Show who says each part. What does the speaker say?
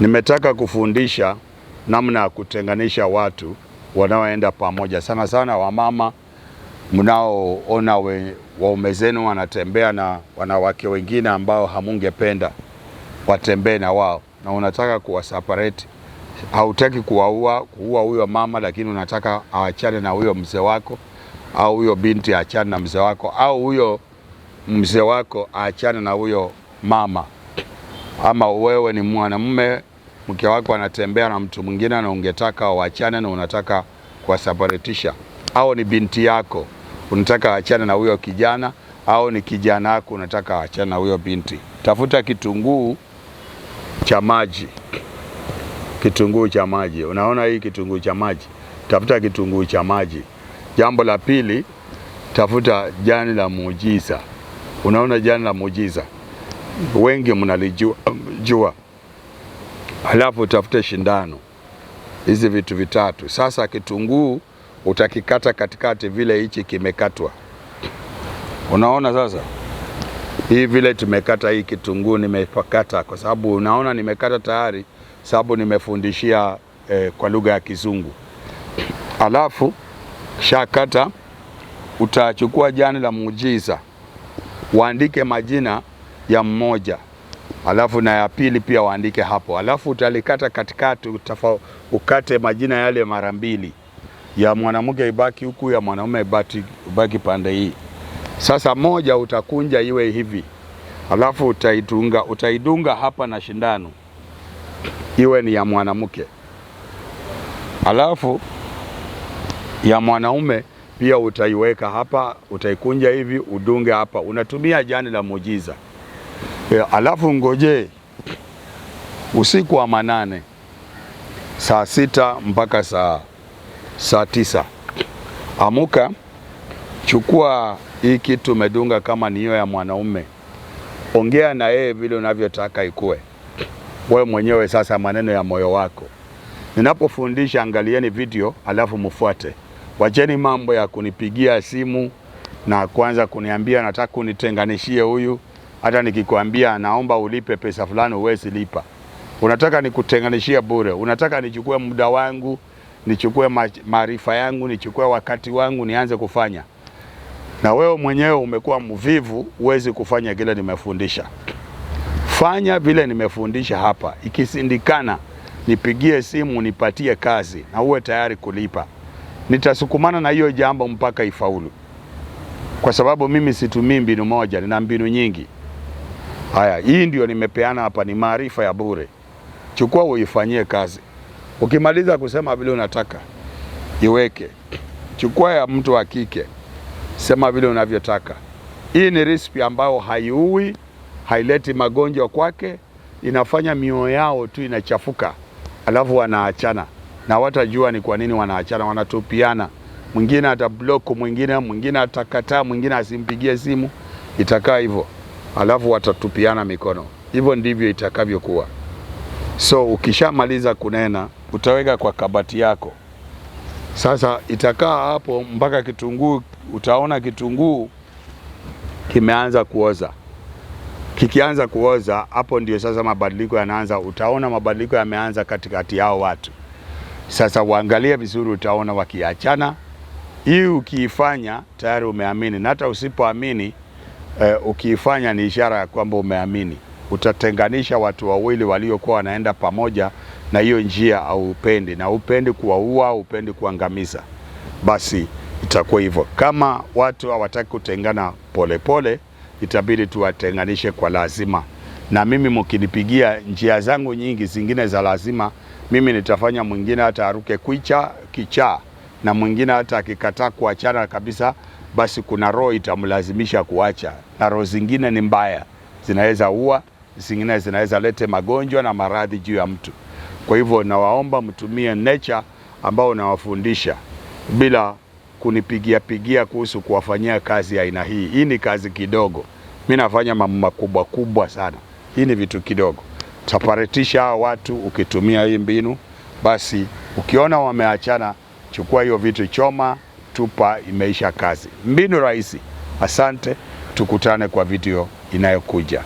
Speaker 1: Nimetaka kufundisha namna ya kutenganisha watu wanaoenda pamoja, sana sana wamama mnaoona waume zenu wanatembea na wanawake wengine ambao hamungependa watembee na wao, na unataka kuwaseparate. Hautaki kuwaua, kuua huyo mama, lakini unataka aachane na huyo mzee wako, au huyo binti aachane na mzee wako, au huyo mzee wako aachane na huyo mama ama wewe ni mwanamume, mke wako anatembea na mtu mwingine na ungetaka waachane na unataka kuwasaparitisha au ni binti yako unataka waachane na huyo kijana, au ni kijana wako unataka waachane na huyo binti, tafuta kitunguu cha maji. Kitunguu cha maji, unaona hii kitunguu cha maji, tafuta kitunguu cha maji. Jambo la pili, tafuta jani la muujiza. Unaona jani la muujiza wengi mnalijua jua, halafu utafute shindano hizi vitu vitatu. Sasa kitunguu utakikata katikati vile hichi kimekatwa, unaona sasa hii vile tumekata hii kitunguu nimekata kwa sababu unaona nimekata tayari, sababu nimefundishia eh, kwa lugha ya Kizungu. Alafu kishakata utachukua jani la muujiza, waandike majina ya mmoja alafu na ya pili pia waandike hapo, alafu utalikata katikati, ukate majina yale mara mbili, ya mwanamke ibaki huku, ya mwanaume ibaki, ibaki pande hii. Sasa moja utakunja iwe hivi, alafu utaidunga, utaidunga hapa na shindano iwe ni ya mwanamke, alafu ya mwanaume pia utaiweka hapa, utaikunja hivi, udunge hapa. Unatumia jani la muujiza. E, alafu ngojee usiku wa manane saa sita mpaka saa, saa tisa. Amuka chukua hii kitu umedunga kama niyo ya mwanaume, ongea na yeye vile unavyotaka ikue wewe mwenyewe. Sasa maneno ya moyo wako. Ninapofundisha angalieni video alafu mfuate, wacheni mambo ya kunipigia simu na kwanza kuniambia nataka unitenganishie huyu hata nikikwambia naomba ulipe pesa fulani, uwezi lipa. Unataka nikutenganishia bure, unataka nichukue muda wangu, nichukue maarifa yangu, nichukue wakati wangu, nianze kufanya. Na wewe mwenyewe umekuwa mvivu, uwezi kufanya kile nimefundisha. Fanya vile nimefundisha hapa, ikisindikana nipigie simu, nipatie kazi na uwe tayari kulipa. Nitasukumana na hiyo jambo mpaka ifaulu, kwa sababu mimi situmii mbinu moja, nina mbinu nyingi. Haya, hii ndio nimepeana hapa, ni maarifa ya bure. Chukua uifanyie kazi. Ukimaliza kusema vile unataka iweke, chukua ya mtu wa kike, sema vile unavyotaka. Hii ni recipe ambayo haiui, haileti magonjwa kwake, inafanya mioyo yao tu inachafuka, alafu wanaachana na watajua ni kwa nini wanaachana, wanatupiana. Mwingine block mwingine, mwingine atakataa, mwingine asimpigie simu, itakaa hivyo alafu watatupiana mikono. Hivyo ndivyo itakavyokuwa. So ukishamaliza kunena, utaweka kwa kabati yako. Sasa itakaa hapo mpaka kitunguu, utaona kitunguu kimeanza kuoza. Kikianza kuoza, hapo ndio sasa mabadiliko yanaanza. Utaona mabadiliko yameanza katikati yao watu. Sasa uangalie vizuri, utaona wakiachana. Hii ukiifanya tayari umeamini, na hata usipoamini eh, ukiifanya ni ishara ya kwamba umeamini. Utatenganisha watu wawili waliokuwa wanaenda pamoja na hiyo njia au upendi na upendi kuwaua, upendi kuangamiza, basi itakuwa hivyo. Kama watu hawataki kutengana polepole, itabidi tuwatenganishe kwa lazima. Na mimi mkinipigia njia zangu nyingi zingine za lazima, mimi nitafanya mwingine hata aruke kwicha kichaa, na mwingine hata akikataa kuachana kabisa basi kuna roho itamlazimisha kuacha, na roho zingine ni mbaya, zinaweza ua, zingine zinaweza lete magonjwa na maradhi juu ya mtu. Kwa hivyo nawaomba mtumie nature ambao unawafundisha bila kunipigia pigia kuhusu kuwafanyia kazi aina hii. Hii ni kazi kidogo, mi nafanya mambo makubwa kubwa sana, hii ni vitu kidogo. Taparatisha hawa watu ukitumia hii mbinu. Basi ukiona wameachana, chukua hiyo vitu, choma tupa imeisha kazi. Mbinu rahisi. Asante, tukutane kwa video inayokuja.